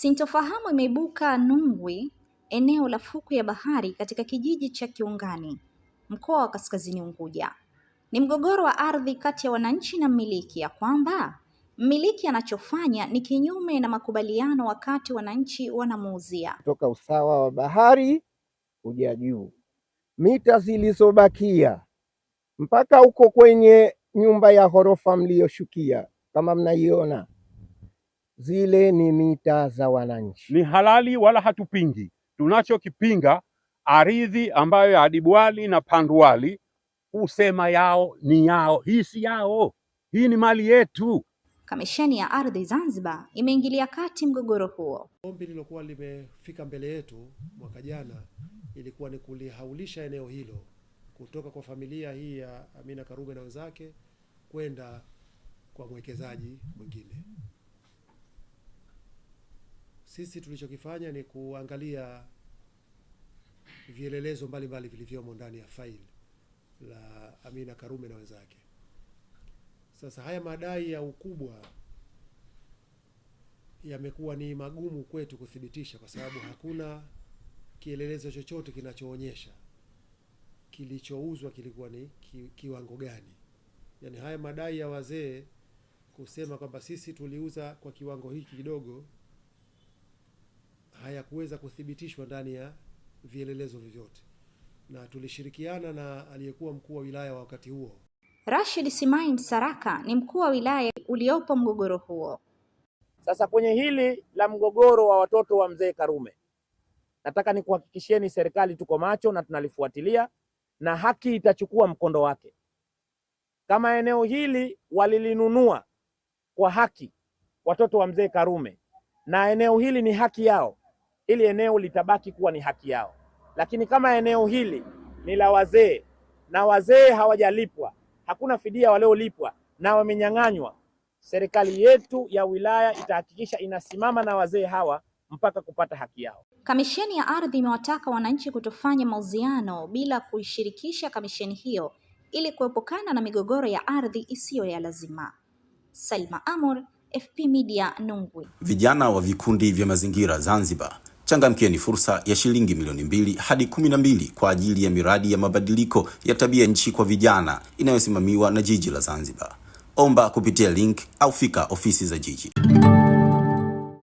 Sintofahamu imeibuka Nungwi, eneo la fukwe ya bahari katika kijiji cha Kiungani, mkoa wa Kaskazini Unguja. Ni mgogoro wa ardhi kati ya wananchi na mmiliki, ya kwamba mmiliki anachofanya ni kinyume na makubaliano wakati wananchi wanamuuzia. Kutoka usawa wa bahari kuja juu, mita zilizobakia mpaka huko kwenye nyumba ya ghorofa mliyoshukia, kama mnaiona zile ni mita za wananchi, ni halali wala hatupingi. Tunachokipinga ardhi ambayo ya Adibwali na Pandwali husema yao ni yao, hii si yao, hii ni mali yetu. Kamisheni ya Ardhi Zanzibar imeingilia kati mgogoro huo. Ombi lilokuwa limefika mbele yetu mwaka jana ilikuwa ni kulihaulisha eneo hilo kutoka kwa familia hii ya Amina Karume na wenzake kwenda kwa mwekezaji mwingine. Sisi tulichokifanya ni kuangalia vielelezo mbalimbali vilivyomo ndani ya faili la Amina Karume na wenzake. Sasa haya madai ya ukubwa yamekuwa ni magumu kwetu kuthibitisha, kwa sababu hakuna kielelezo chochote kinachoonyesha kilichouzwa kilikuwa ni ki, kiwango gani. Yaani haya madai ya wazee kusema kwamba sisi tuliuza kwa kiwango hiki kidogo hayakuweza kuthibitishwa ndani ya vielelezo vyovyote, na tulishirikiana na aliyekuwa mkuu wa wilaya wa wakati huo Rashid Simai Msaraka ni mkuu wa wilaya uliopo mgogoro huo. Sasa kwenye hili la mgogoro wa watoto wa mzee Karume, nataka nikuhakikishieni serikali tuko macho na tunalifuatilia na haki itachukua mkondo wake. Kama eneo hili walilinunua kwa haki watoto wa mzee Karume, na eneo hili ni haki yao, hili eneo litabaki kuwa ni haki yao. Lakini kama eneo hili ni la wazee na wazee hawajalipwa, hakuna fidia waliolipwa na wamenyang'anywa, serikali yetu ya wilaya itahakikisha inasimama na wazee hawa mpaka kupata haki yao. Kamisheni ya ardhi imewataka wananchi kutofanya mauziano bila kuishirikisha kamisheni hiyo ili kuepukana na migogoro ya ardhi isiyo ya lazima. Salma Amor, FP Media, Nungwi. Vijana wa vikundi vya mazingira Zanzibar Changamkieni fursa ya shilingi milioni mbili hadi kumi na mbili kwa ajili ya miradi ya mabadiliko ya tabia nchi kwa vijana inayosimamiwa na jiji la Zanzibar. Omba kupitia link au fika ofisi za jiji.